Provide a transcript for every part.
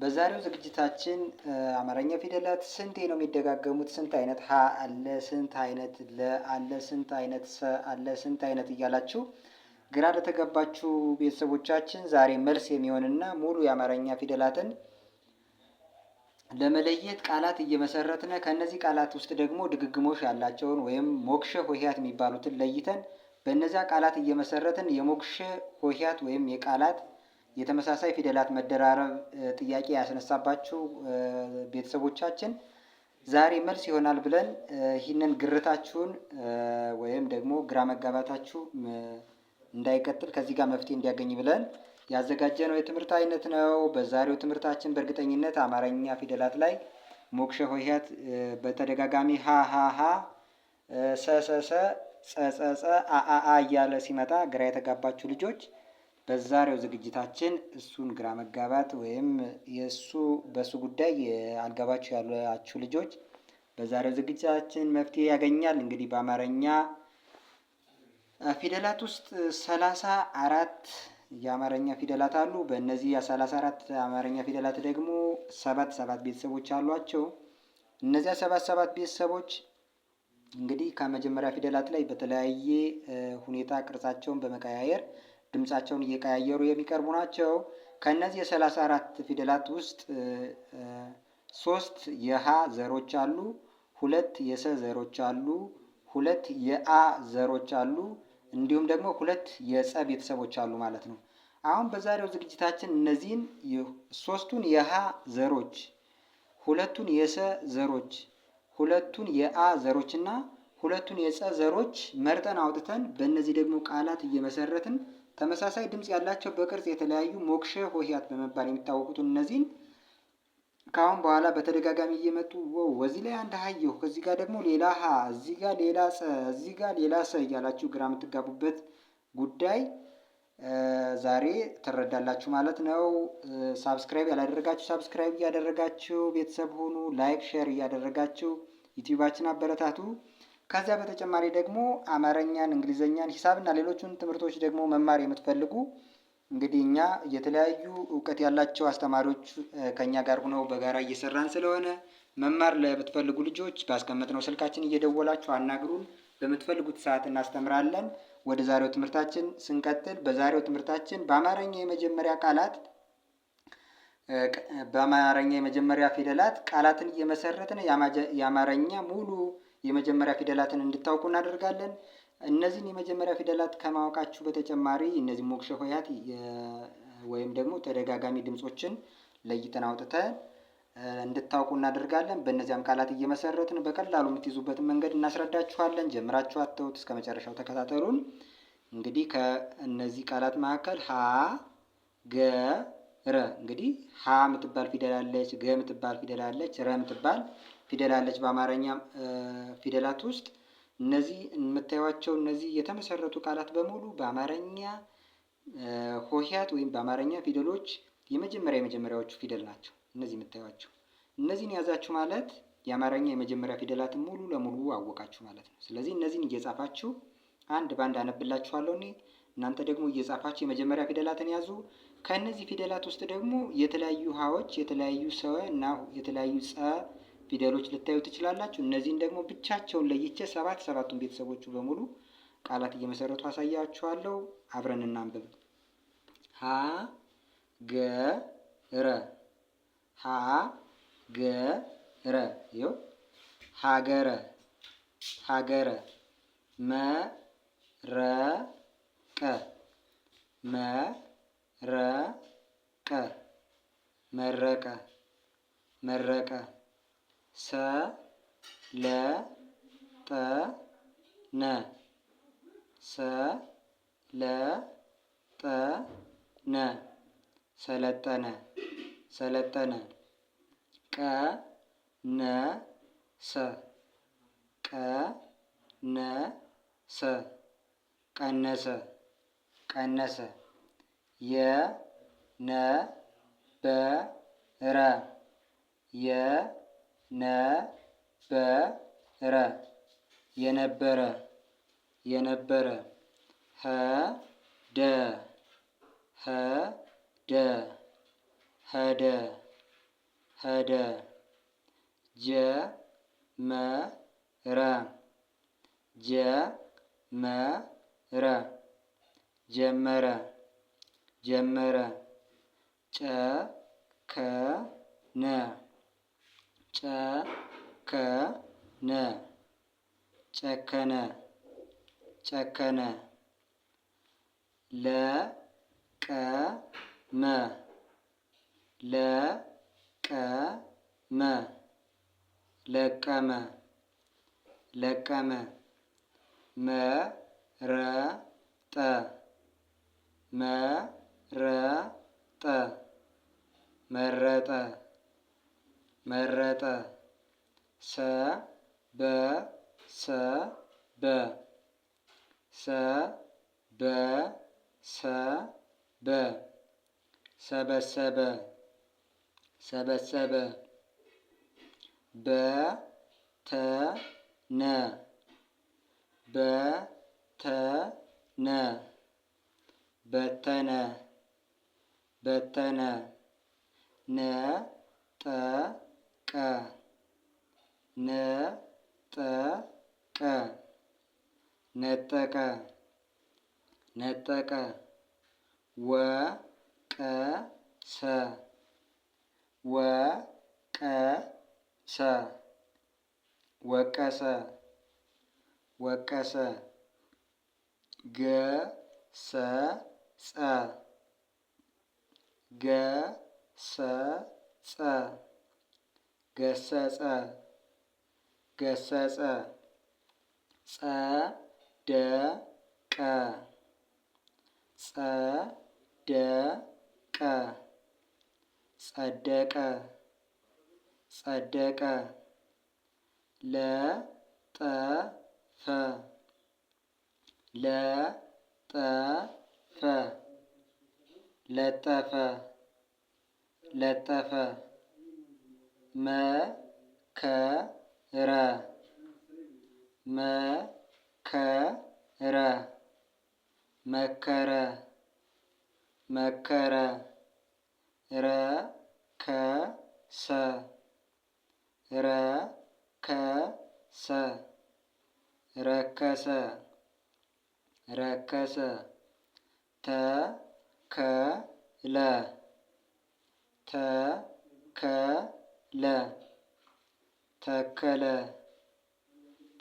በዛሬው ዝግጅታችን አማርኛ ፊደላት ስንቴ ነው የሚደጋገሙት? ስንት አይነት ሀ አለ? ስንት አይነት ለ አለ? ስንት አይነት ሰ አለ? ስንት አይነት እያላችሁ ግራ ለተገባችሁ ቤተሰቦቻችን ዛሬ መልስ የሚሆንና ሙሉ የአማርኛ ፊደላትን ለመለየት ቃላት እየመሰረትነ ከእነዚህ ቃላት ውስጥ ደግሞ ድግግሞሽ ያላቸውን ወይም ሞክሸ ሆሄያት የሚባሉትን ለይተን በእነዚያ ቃላት እየመሰረትን የሞክሸ ሆሄያት ወይም የቃላት የተመሳሳይ ፊደላት መደራረብ ጥያቄ ያስነሳባችሁ ቤተሰቦቻችን ዛሬ መልስ ይሆናል ብለን ይህንን ግርታችሁን ወይም ደግሞ ግራ መጋባታችሁ እንዳይቀጥል ከዚህ ጋር መፍትሄ እንዲያገኝ ብለን ያዘጋጀነው የትምህርት አይነት ነው። በዛሬው ትምህርታችን በእርግጠኝነት አማርኛ ፊደላት ላይ ሞክሸ ሆሄያት በተደጋጋሚ ሀ ሀ ሀ ሰሰሰ ጸጸጸ አአአ እያለ ሲመጣ ግራ የተጋባችሁ ልጆች በዛሬው ዝግጅታችን እሱን ግራ መጋባት ወይም የእሱ በእሱ ጉዳይ አልገባችሁ ያላችሁ ልጆች በዛሬው ዝግጅታችን መፍትሄ ያገኛል። እንግዲህ በአማርኛ ፊደላት ውስጥ ሰላሳ አራት የአማርኛ ፊደላት አሉ። በእነዚህ የሰላሳ አራት አማርኛ ፊደላት ደግሞ ሰባት ሰባት ቤተሰቦች አሏቸው። እነዚያ ሰባት ሰባት ቤተሰቦች እንግዲህ ከመጀመሪያ ፊደላት ላይ በተለያየ ሁኔታ ቅርጻቸውን በመቀያየር ድምፃቸውን እየቀያየሩ የሚቀርቡ ናቸው። ከእነዚህ የሰላሳ አራት ፊደላት ውስጥ ሶስት የሀ ዘሮች አሉ፣ ሁለት የሰ ዘሮች አሉ፣ ሁለት የአ ዘሮች አሉ፣ እንዲሁም ደግሞ ሁለት የጸ ቤተሰቦች አሉ ማለት ነው። አሁን በዛሬው ዝግጅታችን እነዚህን ሶስቱን የሀ ዘሮች፣ ሁለቱን የሰ ዘሮች፣ ሁለቱን የአ ዘሮች እና ሁለቱን የጸ ዘሮች መርጠን አውጥተን በእነዚህ ደግሞ ቃላት እየመሰረትን ተመሳሳይ ድምፅ ያላቸው በቅርጽ የተለያዩ ሞክሸ ሆሄያት በመባል የሚታወቁትን እነዚህን ከአሁን በኋላ በተደጋጋሚ እየመጡ ወዚህ ላይ አንድ ሀየሁ ከዚህ ጋር ደግሞ ሌላ ሀ እዚህ ጋር ሌላ ጸ እዚህ ጋር ሌላ ሰ እያላችሁ ግራ የምትጋቡበት ጉዳይ ዛሬ ትረዳላችሁ ማለት ነው። ሳብስክራይብ ያላደረጋችሁ ሳብስክራይብ እያደረጋችሁ ቤተሰብ ሆኑ። ላይክ ሼር እያደረጋችሁ ዩቲዩባችን አበረታቱ። ከዚያ በተጨማሪ ደግሞ አማርኛን፣ እንግሊዘኛን፣ ሂሳብና ሌሎቹን ትምህርቶች ደግሞ መማር የምትፈልጉ እንግዲህ እኛ የተለያዩ እውቀት ያላቸው አስተማሪዎች ከእኛ ጋር ሆነው በጋራ እየሰራን ስለሆነ መማር ለምትፈልጉ ልጆች ባስቀመጥነው ስልካችን እየደወላችሁ አናግሩን። በምትፈልጉት ሰዓት እናስተምራለን። ወደ ዛሬው ትምህርታችን ስንቀጥል በዛሬው ትምህርታችን በአማርኛ የመጀመሪያ ቃላት በአማርኛ የመጀመሪያ ፊደላት ቃላትን እየመሰረትን የአማርኛ ሙሉ የመጀመሪያ ፊደላትን እንድታውቁ እናደርጋለን። እነዚህን የመጀመሪያ ፊደላት ከማወቃችሁ በተጨማሪ እነዚህ ሞክሸ ሆሄያት ወይም ደግሞ ተደጋጋሚ ድምፆችን ለይተን አውጥተን እንድታውቁ እናደርጋለን። በእነዚያም ቃላት እየመሰረትን በቀላሉ የምትይዙበትን መንገድ እናስረዳችኋለን። ጀምራችሁ አተውት እስከ መጨረሻው ተከታተሉን። እንግዲህ ከእነዚህ ቃላት መካከል ሀ ገ ረ እንግዲህ ሀ ምትባል ፊደል አለች፣ ገ ምትባል ፊደል አለች፣ ረ ምትባል ፊደል አለች። በአማርኛ ፊደላት ውስጥ እነዚህ የምታዩቸው እነዚህ የተመሰረቱ ቃላት በሙሉ በአማርኛ ሆሄያት ወይም በአማርኛ ፊደሎች የመጀመሪያ የመጀመሪያዎቹ ፊደል ናቸው። እነዚህ የምታዩቸው እነዚህን ያዛችሁ ማለት የአማርኛ የመጀመሪያ ፊደላትን ሙሉ ለሙሉ አወቃችሁ ማለት ነው። ስለዚህ እነዚህን እየጻፋችሁ አንድ ባንድ አነብላችኋለሁ እኔ እናንተ ደግሞ እየጻፋችሁ የመጀመሪያ ፊደላትን ያዙ። ከእነዚህ ፊደላት ውስጥ ደግሞ የተለያዩ ሀዎች፣ የተለያዩ ሰወ እና የተለያዩ ጸ ፊደሎች ልታዩ ትችላላችሁ። እነዚህን ደግሞ ብቻቸውን ለይቼ ሰባት ሰባቱን ቤተሰቦቹ በሙሉ ቃላት እየመሰረቱ አሳያችኋለሁ። አብረን እናንብብ። ሀ ገ ረ ሀ ገ ረ ይኸው ሀገረ ሀገረ መረቀ መረቀ መረቀ መረቀ ሰ ለ ጠ ነ ሰ ለ ጠ ነ ሰለጠነ ሰለጠነ ቀ ነ ሰ ቀ ነ ሰ ቀነሰ ቀነሰ የ ነ በ ረ የ ነበረ የነበረ የነበረ ሄደ ሄደ ሄደ ሄደ ጀመረ ጀመረ ጀመረ ጀመረ ጨከነ ጨከነ ጨከነ ጨከነ ለቀመ ለቀመ ለቀመ ለቀመ መረጠ መረጠ መረጠ መረጠ ሰ በ ሰ በ ሰ በ ሰ በ ሰበሰበ ሰበሰበ በ ተ ነ በ ተ ነ በተነ በተነ ነ ጠ ቀ ነ ጠ ቀ ነጠቀ ነጠቀ ወ ቀ ሰ ወ ቀ ሰ ወቀሰ ወቀሰ ገ ሰ ጸ ገ ሰ ጸ ገሰጸ ገሰጸ ጸደቀ ጸደቀ ጸደቀ ጸደቀ ለጠፈ ለጠፈ ለጠፈ ለጠፈ መከረ መከረ መከረ መከረ ረከሰ ረከሰ ረከሰ ረከሰ ተከለ ተከለ ለ ተከለ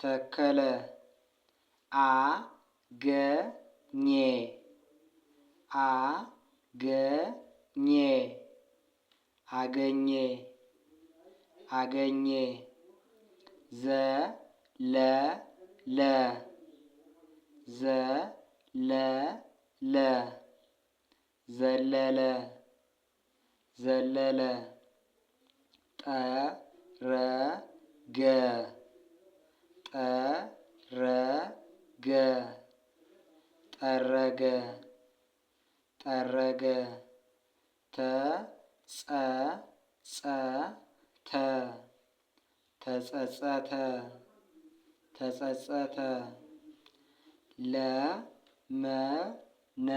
ተከለ አ ገ ኘ አ ገ ኘ አገኘ አገኘ ዘ ለ ለ ዘ ለ ለ ዘለለ ዘለለ ጠረገ ጠረገ ጠረገ ጠረገ ተጸጸተ ተጸጸተ ተጸጸተ ለመነ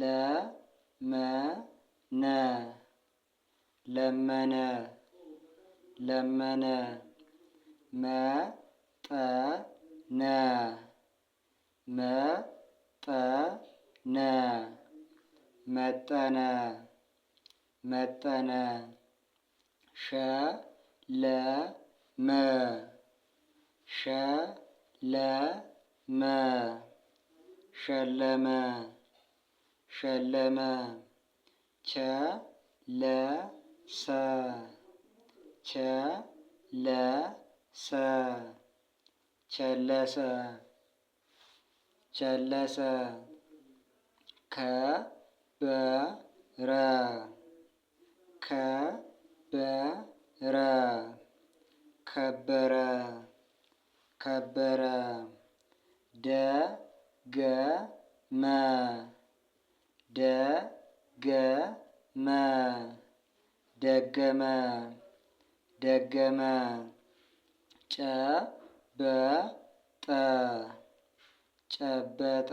ለመነ لمنا لمنا ما ط ن ما ط ن متنا متنا ش ل م ش ل م شلم شلم ش ل ሰ ቸ ለ ሰ ቸለሰ ቸለሰ ከ በ ረ ከ በ ረ ከበረ ከበረ ደ ገ መ ደ ገ መ ደገመ ደገመ ጨበጠ ጨበጠ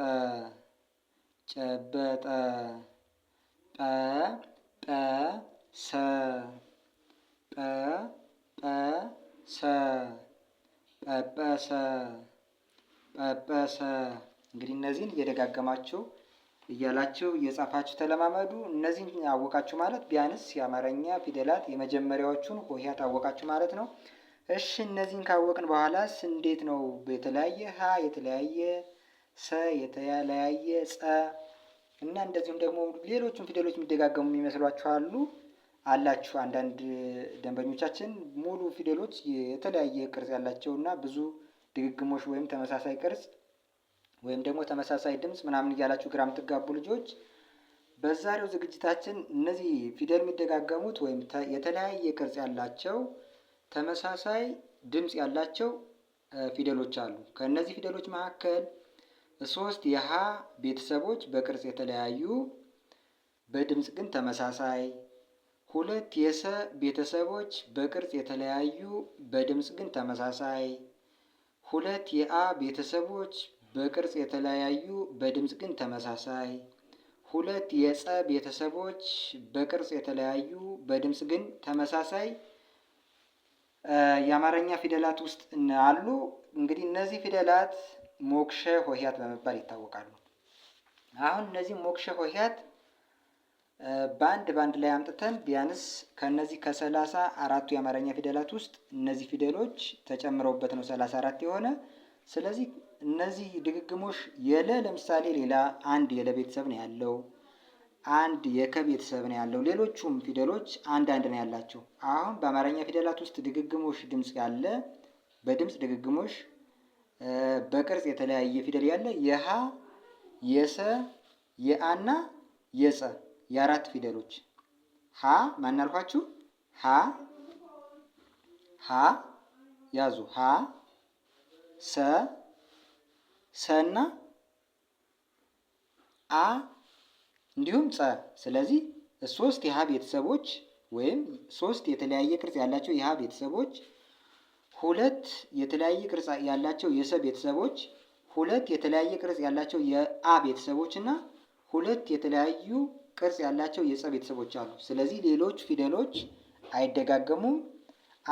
ጨበጠ ጰጰሰ ጰጰሰ ጰጰሰ ጰጰሰ እንግዲህ እነዚህን እየደጋገማችሁ እያላችሁ እየጻፋችሁ ተለማመዱ። እነዚህን አወቃችሁ ማለት ቢያንስ የአማርኛ ፊደላት የመጀመሪያዎቹን ሆሄያት አወቃችሁ ማለት ነው። እሺ እነዚህን ካወቅን በኋላስ እንዴት ነው የተለያየ ሀ የተለያየ ሰ የተለያየ ጸ እና እንደዚሁም ደግሞ ሌሎቹን ፊደሎች የሚደጋገሙ የሚመስሏችሁ አሉ አላችሁ። አንዳንድ ደንበኞቻችን ሙሉ ፊደሎች የተለያየ ቅርጽ ያላቸው እና ብዙ ድግግሞሽ ወይም ተመሳሳይ ቅርጽ ወይም ደግሞ ተመሳሳይ ድምፅ ምናምን እያላችሁ ግራ የምትጋቡ ልጆች በዛሬው ዝግጅታችን እነዚህ ፊደል የሚደጋገሙት ወይም የተለያየ ቅርጽ ያላቸው ተመሳሳይ ድምፅ ያላቸው ፊደሎች አሉ። ከእነዚህ ፊደሎች መካከል ሶስት የሀ ቤተሰቦች በቅርጽ የተለያዩ በድምፅ ግን ተመሳሳይ፣ ሁለት የሰ ቤተሰቦች በቅርጽ የተለያዩ በድምፅ ግን ተመሳሳይ፣ ሁለት የአ ቤተሰቦች በቅርጽ የተለያዩ በድምፅ ግን ተመሳሳይ። ሁለት የጸ ቤተሰቦች በቅርጽ የተለያዩ በድምፅ ግን ተመሳሳይ የአማርኛ ፊደላት ውስጥ አሉ። እንግዲህ እነዚህ ፊደላት ሞክሸ ሆሄያት በመባል ይታወቃሉ። አሁን እነዚህ ሞክሸ ሆሄያት በአንድ በአንድ ላይ አምጥተን ቢያንስ ከነዚህ ከሰላሳ አራቱ የአማርኛ ፊደላት ውስጥ እነዚህ ፊደሎች ተጨምረውበት ነው ሰላሳ አራት የሆነ ስለዚህ እነዚህ ድግግሞሽ የለ ለምሳሌ ሌላ አንድ የለ ቤተሰብ ነው ያለው፣ አንድ የከ ቤተሰብ ነው ያለው። ሌሎቹም ፊደሎች አንድ አንድ ነው ያላቸው። አሁን በአማርኛ ፊደላት ውስጥ ድግግሞሽ ድምፅ ያለ በድምፅ ድግግሞሽ በቅርጽ የተለያየ ፊደል ያለ የሀ የሰ የአና የጸ የአራት ፊደሎች ሀ ማን አልኳችሁ? ሀ ሀ ያዙ ሀ ሰ ሰና አ እንዲሁም ፀ። ስለዚህ ሶስት የሀ ቤተሰቦች ወይም ሶስት የተለያየ ቅርጽ ያላቸው የሀ ቤተሰቦች፣ ሁለት የተለያየ ቅርጽ ያላቸው የሰ ቤተሰቦች፣ ሁለት የተለያየ ቅርጽ ያላቸው የአ ቤተሰቦች እና ሁለት የተለያዩ ቅርጽ ያላቸው የፀ ቤተሰቦች አሉ። ስለዚህ ሌሎች ፊደሎች አይደጋገሙም።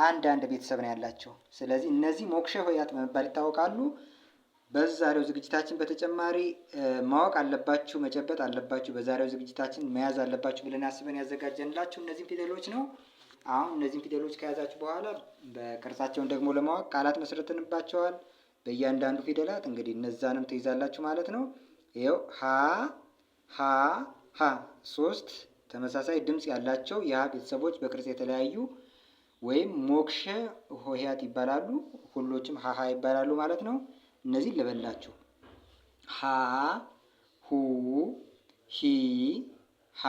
አንድ አንድ ቤተሰብ ነው ያላቸው። ስለዚህ እነዚህ ሞክሸ ሆሄያት በመባል ይታወቃሉ። በዛሬው ዝግጅታችን በተጨማሪ ማወቅ አለባችሁ፣ መጨበጥ አለባችሁ፣ በዛሬው ዝግጅታችን መያዝ አለባችሁ ብለን አስበን ያዘጋጀንላችሁ እነዚህን ፊደሎች ነው። አሁን እነዚህን ፊደሎች ከያዛችሁ በኋላ በቅርጻቸውን ደግሞ ለማወቅ ቃላት መስርተንባቸዋል። በእያንዳንዱ ፊደላት እንግዲህ እነዛንም ትይዛላችሁ ማለት ነው። ይኸው ሀ ሀ ሀ ሶስት ተመሳሳይ ድምፅ ያላቸው የሀ ቤተሰቦች በቅርጽ የተለያዩ ወይም ሞክሸ ሆሄያት ይባላሉ። ሁሎችም ሀሀ ይባላሉ ማለት ነው። እነዚህ ልበላችሁ። ሀ ሁ ሂ ሃ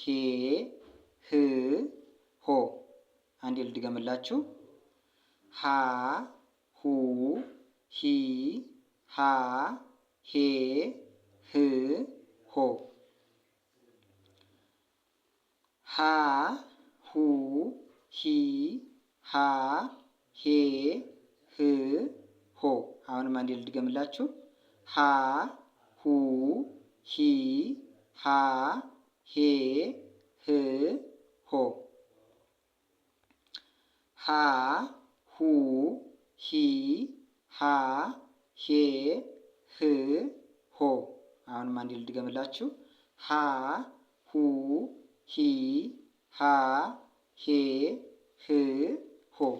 ሄ ህ ሆ። አንዴ ልድገምላችሁ። ሀ ሁ ሂ ሃ ሄ ህ ሆ ሀ ሁ ሂ ሃ ሄ ህ ሆ አሁንም አንዴ ልድገምላችሁ። ሀ ሁ ሂ ሀ ሄ ህ ሆ ሀ ሁ ሂ ሀ ሄ ህ ሆ አሁንም አንዴ ልድገምላችሁ። ሀ ሁ ሂ ሀ ሄ ህ ሆ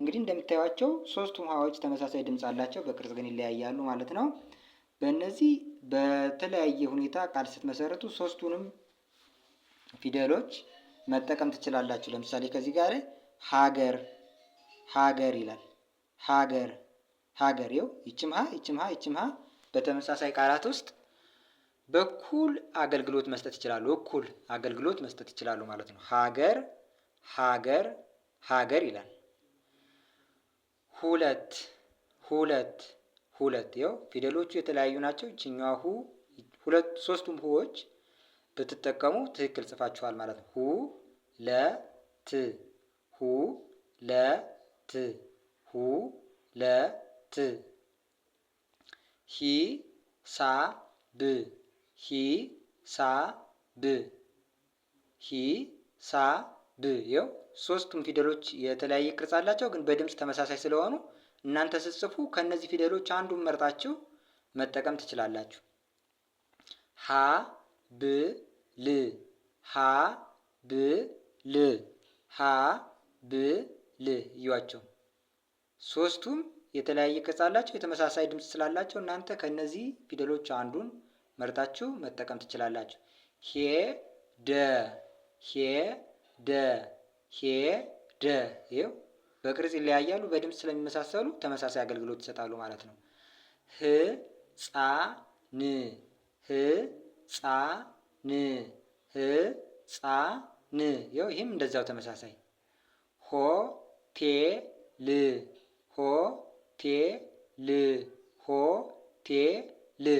እንግዲህ እንደምታዩቸው ሶስቱም ውሃዎች ተመሳሳይ ድምፅ አላቸው፣ በቅርጽ ግን ይለያያሉ ማለት ነው። በእነዚህ በተለያየ ሁኔታ ቃል ስትመሰረቱ ሶስቱንም ፊደሎች መጠቀም ትችላላችሁ። ለምሳሌ ከዚህ ጋር ሀገር ሀገር ይላል። ሀገር ሀገር ይው ይችም ሀ ይችም ሀ ይችም ሀ በተመሳሳይ ቃላት ውስጥ በኩል አገልግሎት መስጠት ይችላሉ። እኩል አገልግሎት መስጠት ይችላሉ ማለት ነው። ሀገር ሀገር ሀገር ይላል። ሁለት ሁለት ሁለት ያው ፊደሎቹ የተለያዩ ናቸው። ይችኛዋ ሁ ሁለት ሶስቱም ሁዎች ብትጠቀሙ ትክክል ጽፋችኋል ማለት ነው። ሁ ለ ት ሁ ለ ት ሁ ለ ት ሂ ሳ ብ ሂ ሳ ብ ሂ ሳ ብ ይኸው ሶስቱም ፊደሎች የተለያየ ቅርጽ አላቸው፣ ግን በድምፅ ተመሳሳይ ስለሆኑ እናንተ ስትጽፉ ከእነዚህ ፊደሎች አንዱን መርጣችሁ መጠቀም ትችላላችሁ። ሀ ብ ል ሀ ብ ል ሀ ብ ል እዩዋቸው። ሶስቱም የተለያየ ቅርጽ አላቸው፣ የተመሳሳይ ድምፅ ስላላቸው እናንተ ከእነዚህ ፊደሎች አንዱን መርጣችሁ መጠቀም ትችላላችሁ። ሄ ደ ሄ ደ ሄ ደ ይኸው በቅርጽ ይለያያሉ፣ በድምፅ ስለሚመሳሰሉ ተመሳሳይ አገልግሎት ይሰጣሉ ማለት ነው። ህ ጻ ን ይኸው ይህም እንደዛው ተመሳሳይ ሆ ቴ ል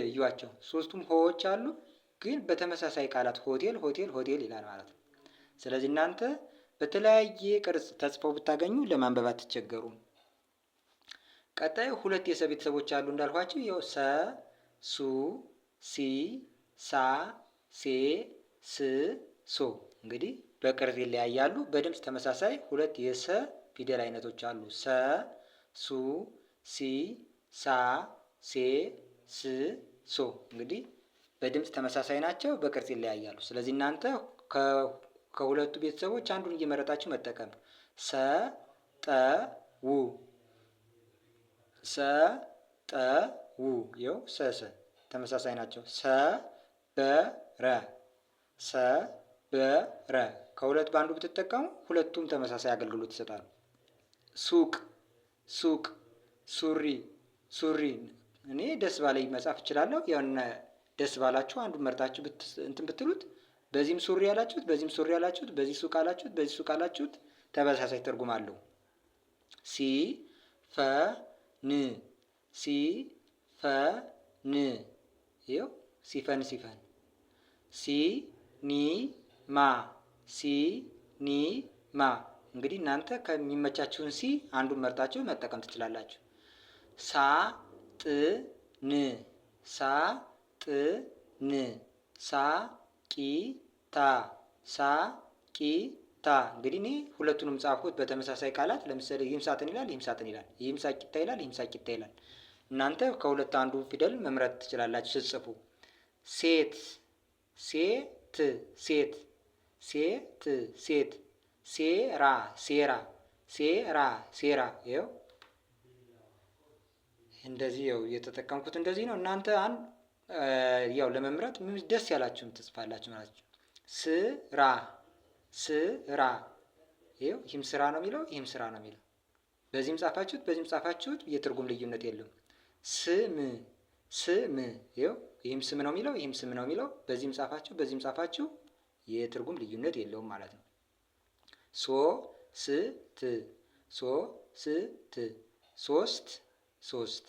እዩዋቸው። ሶስቱም ሆዎች አሉ ግን በተመሳሳይ ቃላት ሆቴል ሆቴል ሆቴል ይላል ማለት ነው። ስለዚህ እናንተ በተለያየ ቅርጽ ተጽፈው ብታገኙ ለማንበብ አትቸገሩም። ቀጣይ ሁለት የሰ ቤተሰቦች አሉ እንዳልኳቸው ያው ሰ፣ ሱ፣ ሲ፣ ሳ፣ ሴ፣ ስ፣ ሶ እንግዲህ በቅርጽ ይለያያሉ። በድምፅ ተመሳሳይ ሁለት የሰ ፊደል አይነቶች አሉ። ሰ፣ ሱ፣ ሲ፣ ሳ፣ ሴ፣ ስ፣ ሶ እንግዲህ በድምፅ ተመሳሳይ ናቸው፣ በቅርጽ ይለያያሉ። ስለዚህ እናንተ ከሁለቱ ቤተሰቦች አንዱን እየመረጣችሁ መጠቀም። ሰ ጠ ው ሰ ጠ ው ይኸው ሰሰ ተመሳሳይ ናቸው። ሰ በረ ሰ በረ ከሁለት በአንዱ ብትጠቀሙ ሁለቱም ተመሳሳይ አገልግሎት ይሰጣሉ። ሱቅ ሱቅ ሱሪ ሱሪ እኔ ደስ ባለኝ መጻፍ እችላለሁ። የሆነ ደስ ባላችሁ አንዱን መርጣችሁ እንትን ብትሉት በዚህም ሱሪ ያላችሁት፣ በዚህም ሱሪ ያላችሁት፣ በዚህ ሱቅ አላችሁት፣ በዚህ ሱቅ አላችሁት ተመሳሳይ ትርጉም አለው። ሲ ፈ ን ሲ ፈ ን ይው ሲፈን ሲፈን ሲ ኒ ማ ሲ ኒ ማ እንግዲህ እናንተ ከሚመቻችሁን ሲ አንዱን መርጣችሁ መጠቀም ትችላላችሁ። ሳ ጥ ን ሳ ጥ ን ሳ ቂታ ሳ ታ እንግዲህ እኔ ሁለቱንም ጻፍኩት በተመሳሳይ ቃላት። ለምሳሌ ይህም ሳጥን ይላል፣ ይህም ሳጥን ይላል፣ ይህም ሳቂታ ይላል፣ ይህም ሳቂታ ይላል። እናንተ ከሁለት አንዱ ፊደል መምረጥ ትችላላችሁ ስትጽፉ። ሴት ሴት ሴት ሴት ሴት ሴራ ሴራ ሴራ ሴራ ይኸው እንደዚህ ው እየተጠቀምኩት እንደዚህ ነው እናንተ ያው ለመምረጥ ደስ ያላችሁን ትጽፋላችሁ ማለት ነው። ስራ ስራ ይኸው ይህም ስራ ነው የሚለው ይህም ስራ ነው የሚለው በዚህም ጻፋችሁት በዚህም ጻፋችሁት የትርጉም ልዩነት የለውም። ስም ስም ይኸው ይህም ስም ነው የሚለው ይህም ስም ነው የሚለው በዚህም ጻፋችሁ በዚህም ጻፋችሁ የትርጉም ልዩነት የለውም ማለት ነው። ሶ ስ ት ሶ ስ ት ሶስት ሶስት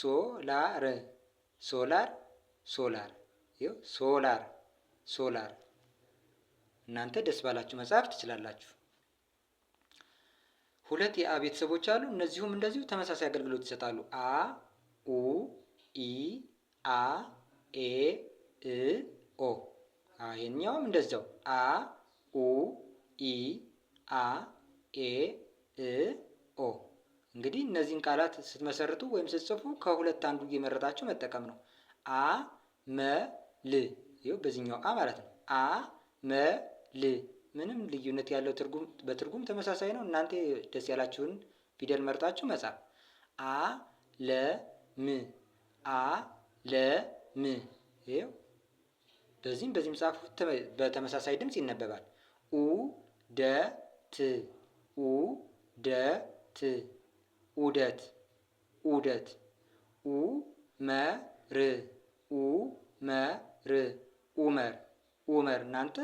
ሶላር ሶላር ሶላር ሶላር ሶላር። እናንተ ደስ ባላችሁ መጽሐፍ ትችላላችሁ። ሁለት የአ ቤተሰቦች አሉ። እነዚሁም እንደዚሁ ተመሳሳይ አገልግሎት ይሰጣሉ። አ ኡ ኢ አ ኤ እ ኦ። ይህኛውም እንደዚያው አ ኡ ኢ አ ኤ እ ኦ እንግዲህ እነዚህን ቃላት ስትመሰርቱ ወይም ስትጽፉ ከሁለት አንዱ እየመረጣችሁ መጠቀም ነው። አ መ ል ይኸው በዚህኛው አ ማለት ነው። አ መ ል ምንም ልዩነት ያለው ትርጉም በትርጉም ተመሳሳይ ነው። እናንተ ደስ ያላችሁን ፊደል መርጣችሁ መጻፍ። አ ለ ም አ ለ ም ይኸው በዚህም በዚህም ጻፉ። በተመሳሳይ ድምፅ ይነበባል። ኡ ደ ት ኡ ደ ት ኡደት ዑደት ኡ መ ር ኡ መ ር ኡመር ኡመር እናንተ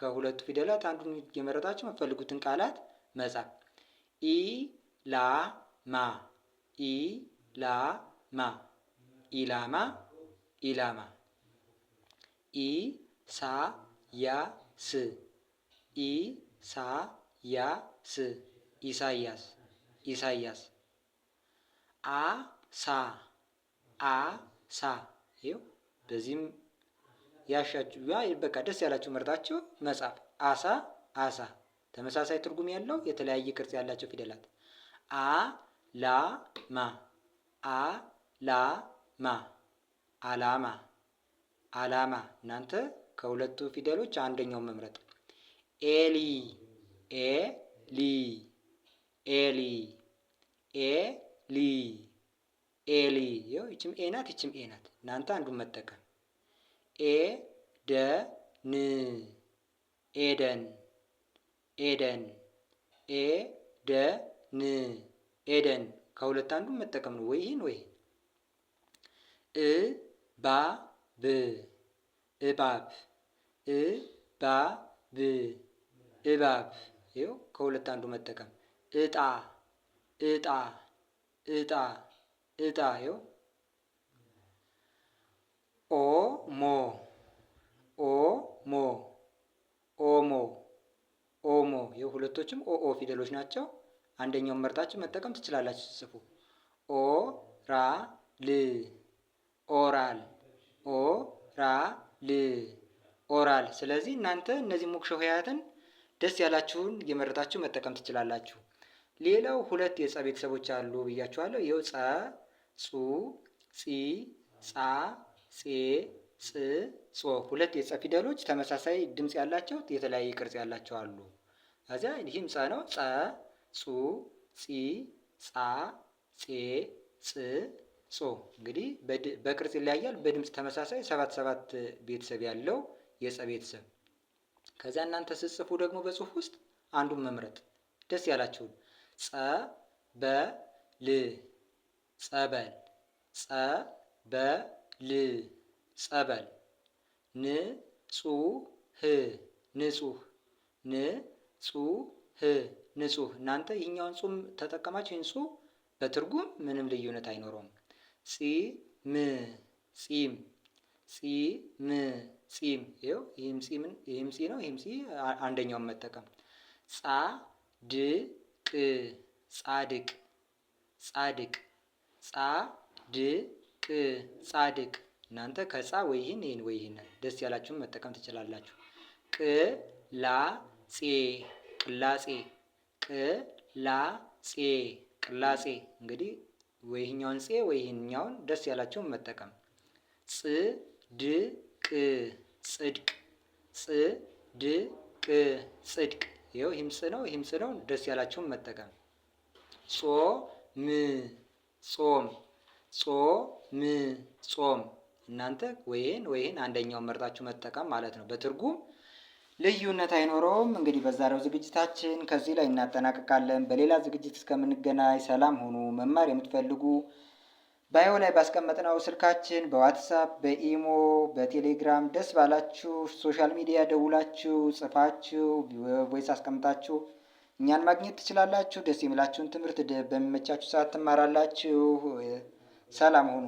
ከሁለቱ ፊደላት አንዱን የመረጣችሁ የምትፈልጉትን ቃላት መጻፍ። ኢ ላ ማ ኢ ላ ማ ኢላማ ኢላማ ኢ ሳ ያ ስ ኢ ሳ ያ ስ ኢሳያስ ኢሳያስ አሳ አሳ ይኸው በዚህም ያሻችሁ በቃ ደስ ያላችሁ መርጣችሁ መጻፍ። አሳ አሳ ተመሳሳይ ትርጉም ያለው የተለያየ ቅርጽ ያላቸው ፊደላት አ ላ ማ አ ላ ማ አላማ አላማ። እናንተ ከሁለቱ ፊደሎች አንደኛው መምረጥ። ኤሊ ኤ ሊ ኤሊ ኤ ሊ ኤሊ ይችም ኤ ናት፣ ይችም ኤ ናት። እናንተ አንዱን መጠቀም ኤ ደ ን ኤደን ኤደን ኤ ደ ን ኤደን ከሁለት አንዱን መጠቀም ነው፣ ወይ ይህን ወይ ይህን። እ ባ ብ እባብ እ ባ ብ እባብ ይኸው ከሁለት አንዱ መጠቀም እጣ እጣ እጣ እጣ ይኸው ኦ ሞ ኦ ሞ ኦሞ ኦሞ ይኸው ሁለቶችም ኦኦ ፊደሎች ናቸው። አንደኛውን መርጣችሁ መጠቀም ትችላላችሁ ጽፉ ኦ ራ ል ኦራል ኦ ራ ል ኦራል። ስለዚህ እናንተ እነዚህ ሙክሸ ሆሄያትን ደስ ያላችሁን የመረጣችሁ መጠቀም ትችላላችሁ። ሌላው ሁለት የፀ ቤተሰቦች አሉ ብያቸዋለሁ። ይኸው ፀ፣ ጹ፣ ጺ፣ ጻ፣ ጼ፣ ጽ፣ ጾ ሁለት የፀ ፊደሎች ተመሳሳይ ድምፅ ያላቸው የተለያየ ቅርጽ ያላቸው አሉ። ከዚያ ይህም ፀ ነው። ፀ፣ ጹ፣ ጺ፣ ጻ፣ ጼ፣ ጽ፣ ጾ እንግዲህ በቅርጽ ይለያያል፣ በድምፅ ተመሳሳይ ሰባት ሰባት ቤተሰብ ያለው የፀ ቤተሰብ። ከዚያ እናንተ ስጽፉ ደግሞ በጽሁፍ ውስጥ አንዱን መምረጥ ደስ ያላችሁን ጸበል ጸበል ጸበል ጸበል ንጹህ ንጹህ ንጹህ ንጹህ እናንተ ይህኛውን ጹም ተጠቀማችሁ ይህን ጹ በትርጉም ምንም ልዩነት አይኖረውም። ጺም ጺም ጺም ጺም ይኸው ይህም ጺም ይህም ጺ ነው ይህም ጺ አንደኛውን መጠቀም ጻ ድ ቅ ጻድቅ ጻድቅ ጻ ድ ቅ ጻድቅ እናንተ ከጻ ወይህን ይህን ወይህን ደስ ያላችሁን መጠቀም ትችላላችሁ። ቅ ላ ጼ ቅላጼ ቅ ላ ጼ ቅላጼ እንግዲህ ወይህኛውን ጼ ወይህኛውን ደስ ያላችሁን መጠቀም ጽ ድ ቅ ጽድቅ ጽ ድ ቅ ጽድቅ ይኸው ሂምፅ ነው ሂምፅ ነው። ደስ ያላቸውን መጠቀም። ጾ ም ጾም ጾ ም ጾም። እናንተ ወይን ወይን አንደኛውን መርጣችሁ መጠቀም ማለት ነው። በትርጉም ልዩነት አይኖረውም። እንግዲህ በዛሬው ዝግጅታችን ከዚህ ላይ እናጠናቀቃለን። በሌላ ዝግጅት እስከምንገናኝ ሰላም ሁኑ። መማር የምትፈልጉ ባዮ ላይ ባስቀመጥነው ስልካችን በዋትሳፕ፣ በኢሞ፣ በቴሌግራም ደስ ባላችሁ ሶሻል ሚዲያ ደውላችሁ ጽፋችሁ ቮይስ አስቀምጣችሁ እኛን ማግኘት ትችላላችሁ። ደስ የሚላችሁን ትምህርት በሚመቻችሁ ሰዓት ትማራላችሁ። ሰላም ሁኑ።